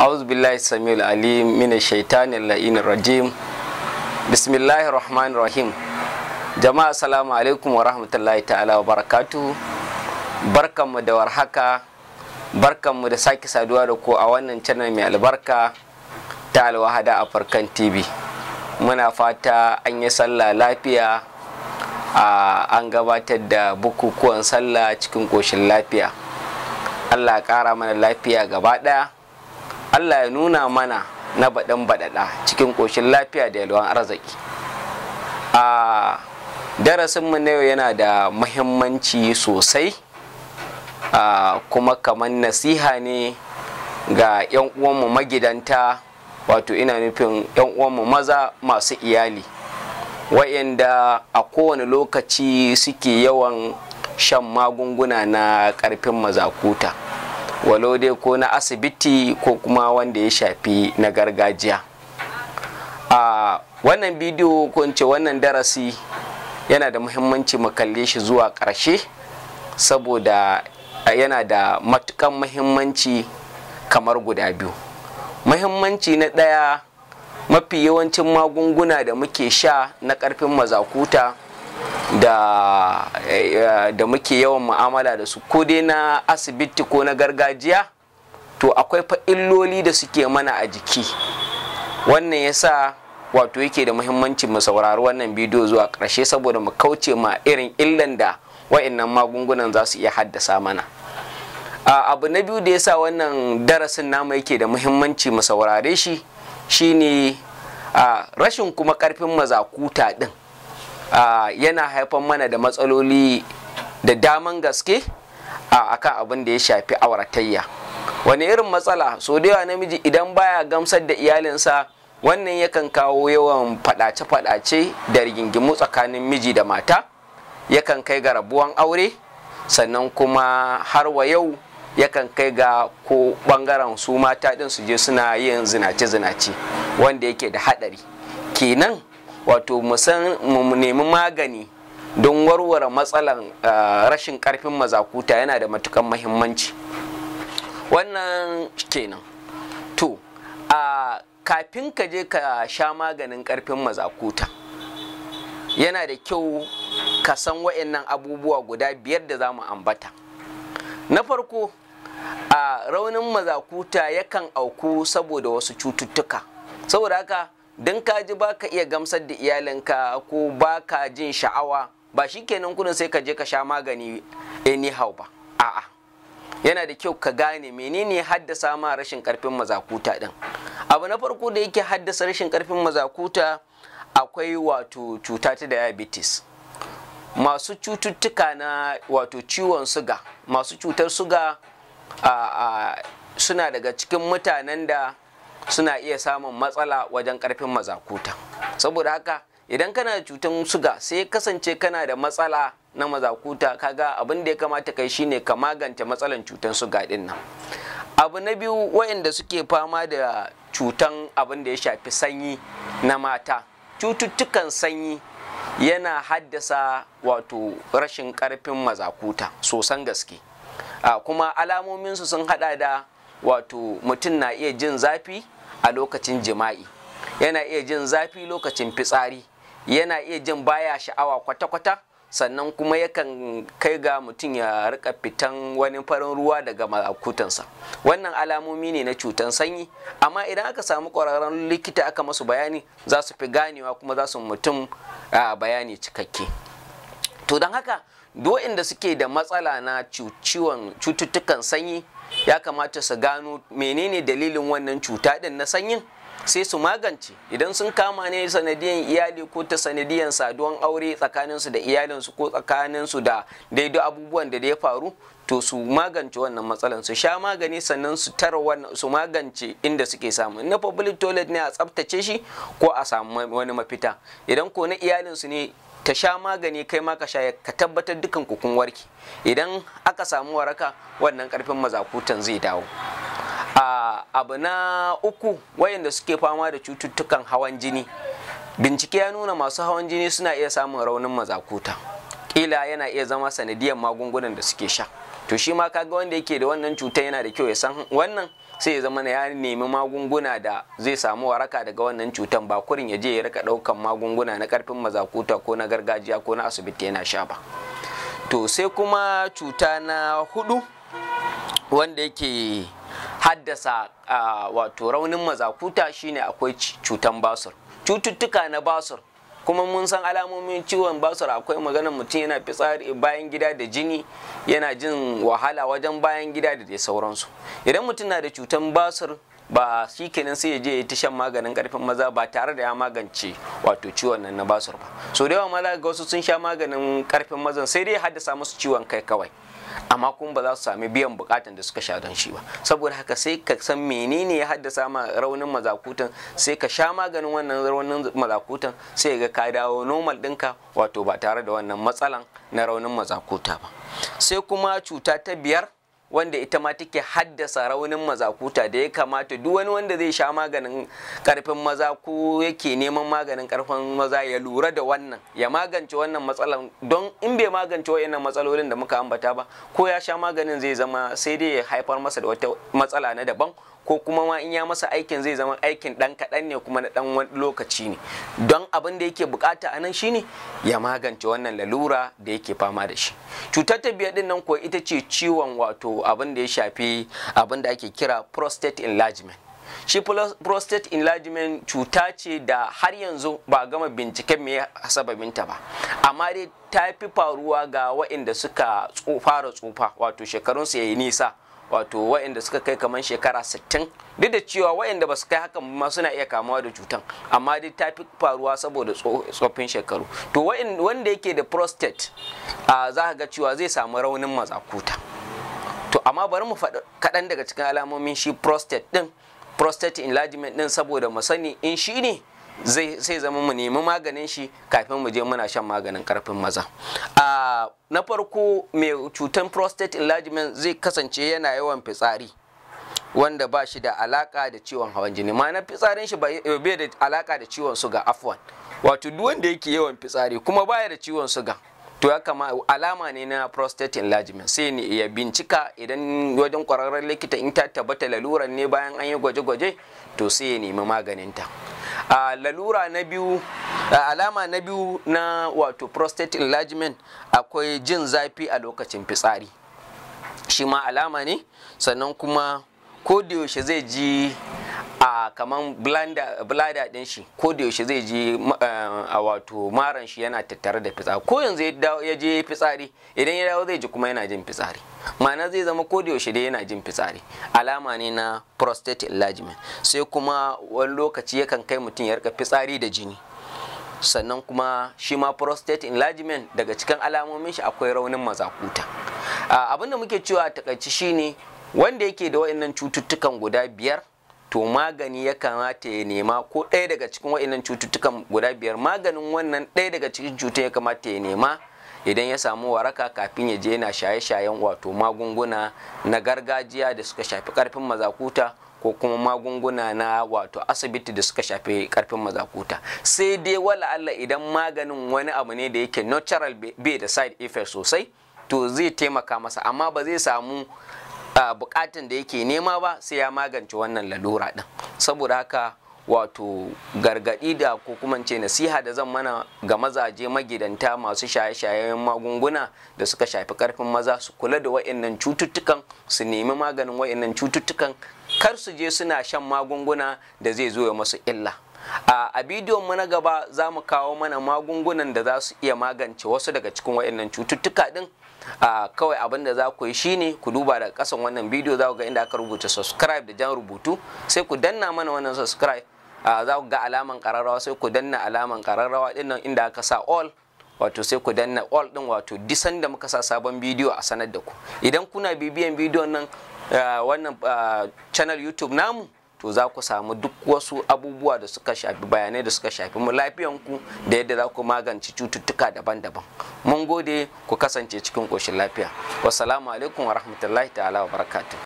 أعوذ بالله السميع العليم من الشيطان اللعين الرجيم بسم الله jama'a salamu alaikum wa rahmatullahi ta'ala wa barakatu barkanmu da warhaka barkanmu da sake saduwa da ku a wannan channel mai albarka ta alwahada a farkan tv muna fata an yi sallah lafiya an gabatar da bukukuwan sallah cikin koshin lafiya allah ƙara mana lafiya gaba ɗaya Allah ya nuna mana na baɗan baɗaɗa cikin ƙoshin lafiya da yalwan arziki a darasinmu na yau yana da mahimmanci sosai kuma kamar nasiha ne ga 'yan uwanmu magidanta wato ina nufin 'yan uwanmu maza masu iyali wa'inda a kowane lokaci suke yawan shan magunguna na ƙarfin mazakuta. walau dai ko na asibiti ko kuma wanda ya shafi na gargajiya a wannan bidiyo ko ce wannan darasi yana da muhimmanci mu kalle shi zuwa ƙarshe saboda yana da matukan muhimmanci kamar guda biyu muhimmanci na ɗaya mafi yawancin magunguna da muke sha na ƙarfin mazakuta da eh, da muke yawan mu'amala da su ko dai na asibiti ko na gargajiya to akwai fa illoli da suke mana a jiki wannan yasa wato yake da muhimmanci mu saurari wannan bidiyo zuwa ƙarshe saboda mu kauce ma irin illan da wa'annan magungunan za su iya haddasa mana abu na biyu da yasa wannan darasin namu yake da muhimmanci mu saurare shi shine rashin kuma ƙarfin mazakuta ɗin yana haifar mana da matsaloli da daman gaske a kan abin da ya shafi auratayya wani irin matsala so da yawa namiji idan baya gamsar da iyalinsa wannan yakan kawo yawan fadace-fadace da rigingimu tsakanin miji da mata yakan kai ga rabuwan aure sannan kuma har wa yau yakan kai ga ko bangaren su mata din su je suna yin zinace-zinace wanda yake da haɗari kenan wato mu nemi magani don warware matsalan ah, rashin karfin mazakuta yana da matukan mahimmanci wannan kenan to a kafin ka je ka sha maganin karfin mazakuta yana da kyau ka san wa'annan abubuwa guda biyar da za mu ambata na farko a raunin mazakuta yakan auku saboda wasu cututtuka saboda haka don ka ji ba ka iya gamsar da iyalinka ko ba ka jin sha'awa ba shi kenan kudin sai ka je ka sha magani anyhow ba a'a yana da kyau ka gane menene haddasa ma rashin karfin mazakuta din abu na farko da yake haddasa rashin karfin mazakuta akwai wato cuta ta diabetes masu cututtuka na wato ciwon suga masu cutar suga a, suna daga cikin mutanen da suna iya samun matsala wajen karfin mazakuta saboda haka idan kana da cutar suga sai kasance kana da matsala na mazakuta kaga abin da ya kamata kai shine ka magance matsalan cutar suga din nan abu na biyu waɗanda suke fama da cutan abin da ya shafi sanyi na mata cututtukan sanyi yana haddasa wato rashin karfin mazakuta sosan gaske kuma alamominsu sun hada da wato mutum na iya jin zafi a lokacin jima'i yana iya jin zafi lokacin fitsari yana iya jin baya sha'awa kwata-kwata sannan kuma yakan kai ga mutum ya rika fitan wani farin ruwa daga makutansa wannan alamomi ne na cutan sanyi amma idan aka samu ƙwararren likita aka masu bayani za su fi ganewa kuma za su mutum a bayani cikakke to don haka do'in da suke da matsala na ciwon cututtukan sanyi ya kamata su gano menene dalilin wannan cuta din na sanyin sai su magance idan sun kama ne sanadiyan iyali ko ta sanadiyan saduwan aure tsakaninsu da iyalinsu ko su da daidai abubuwan da ya faru to su magance wannan matsalan su sha magani sannan su tara wannan su magance inda suke samu na public toilet ne a tsaftace shi ko a samu wani mafita idan ko na iyalinsu ne ta sha magani kai ma ka sha ka tabbatar dukan kukun kun idan aka samu waraka wannan karfin mazakutan zai dawo a abu na uku wayanda suke fama da cututtukan hawan jini bincike ya nuna masu hawan jini suna iya samun raunin mazakuta ƙila yana iya zama sanadiyar magungunan da suke sha to shi ma kaga wanda yake da wannan cuta yana da kyau ya san wannan sai ya zama ya nemi magunguna da zai samu waraka daga wannan cutan ba kurin ya je ya rika daukan magunguna na karfin mazakuta ko na gargajiya ko na asibiti yana sha ba to sai kuma cuta na hudu wanda yake haddasa wato raunin mazakuta shine akwai cutan basur cututtuka na basur kuma mun san alamomin ciwon basur akwai maganar mutum yana fitsari bayan gida da jini yana jin wahala wajen bayan gida da dai sauransu idan mutum na da cutar basur ba shi kenan sai ya je ya ta shan maganin karfin maza ba tare da ya magance wato ciwon nan na basur ba so da yawa maza ga wasu sun sha maganin karfin mazan sai dai haddasa musu ciwon kai kawai amma kuma ba za su sami biyan bukatan da suka sha don shi ba saboda haka sai ka san menene ya haddasa ma raunin mazakutan sai ka sha maganin wannan raunin mazakutan sai ga ka dawo normal ɗinka wato ba tare da wannan matsalan na raunin mazakuta ba sai kuma cuta ta biyar wanda ita ma take haddasa raunin mazakuta da ya kamata duk wani wanda zai sha maganin karfin maza ko yake neman maganin karfin maza ya lura da wannan ya magance wannan matsalan don in bai magance wayannan matsalolin da muka ambata ba ko ya sha maganin zai zama sai dai ya haifar masa da wata matsala na daban ko kuma ma in ya masa aikin zai zama aikin dan kaɗan ne kuma na dan wani lokaci ne don abin da yake bukata a nan shine ya magance wannan lalura da yake fama da shi cutar ta biyar din nan ko ita ce ciwon wato abin da ya shafi abin da ake kira prostate enlargement shi prostate enlargement cuta ce da har yanzu ba gama binciken me sababinta ba amma dai ta fi faruwa ga waɗanda suka fara tsufa wato shekarunsu ya yi nisa wato waɗanda suka kai kamar shekara 60 duk da cewa waɗanda ba su kai hakan ma suna iya kamuwa da cutan amma dai ta fi faruwa saboda tsoffin shekaru to wanda yake da prostate za ka ga cewa zai samu raunin mazakuta to amma bari mu faɗi kaɗan daga cikin alamomin shi prostate ɗin prostate enlargement ɗin saboda mu sani in shi ne sai zama mu nemi maganin shi kafin mu je muna shan maganin karfin maza na farko mai cutan prostate enlargement zai kasance yana yawan fitsari wanda ba shi da alaka da ciwon hawan jini ma'ana fitsarin shi bai da alaka da ciwon suga afwan wato duk wanda yake yawan fitsari kuma baya da ciwon suga to ya kama alama ne na prostate enlargement sai ne ya bincika idan wajen kwararren likita in ta tabbata laluran ne bayan an yi gwaje-gwaje to sai ya nemi maganinta lalura na biyu alama na biyu na wato prostate enlargement akwai jin zafi a lokacin fitsari shi ma alama ne sannan kuma ko da yaushe zai ji a kaman blada din shi ko da yaushe zai je eh, a wato maran shi yana tattare da fitsari ko yanzu ya je fitsari idan ya dawo zai ji kuma yana jin fitsari ma'ana zai zama ko da yaushe dai yana jin fitsari alama ne na prostate enlargement sai kuma wani lokaci yakan kai mutum ya rika fitsari da jini sannan kuma shi ma prostate enlargement daga cikin alamomin shi akwai raunin mazakuta abinda muke cewa takaici shine wanda yake da waɗannan cututtukan guda biyar to magani ya kamata ya nema ko ɗaya daga cikin waɗannan cututtukan guda biyar maganin wannan ɗaya daga cikin cutar ya kamata ya nema idan ya samu waraka kafin ya je yana shaye-shayen wato magunguna na gargajiya da suka shafi karfin mazakuta ko kuma magunguna na wato asibiti da suka shafi karfin mazakuta sai dai wala Allah idan maganin wani abu ne da yake natural bai da side effect sosai to zai taimaka masa amma ba zai samu bukatan da yake nema ba sai ya magance wannan lalura din saboda haka wato gargadi da ko kuma ce nasiha da zan mana ga mazaje magidanta masu shaye-shayen magunguna da suka shafi karfin maza su kula da wa'annan cututtukan su nemi maganin wa'annan cututtukan kar su je suna shan magunguna da zai zo ya masu illa a bidiyon mu na gaba za mu kawo mana magungunan da za su iya magance wasu daga cikin waɗannan cututtuka din kawai abin da za ku yi shine ku duba daga kasan wannan bidiyo za ku ga inda aka rubuta subscribe da jan rubutu sai ku danna mana wannan subscribe za ku ga alaman ƙararrawa sai ku danna alaman din dinnan inda aka sa all wato sai ku danna all din wato disan da muka sa sabon bidiyo a sanar da ku idan kuna bibiyan bidiyon nan wannan channel youtube namu to za ku samu duk wasu abubuwa da suka shafi bayanai da suka shafi mu lafiyanku da yadda za ku magance cututtuka daban-daban mun gode ku kasance cikin ƙoshin lafiya wassalamu alaikum wa rahmatullahi ta'ala wa barakatuh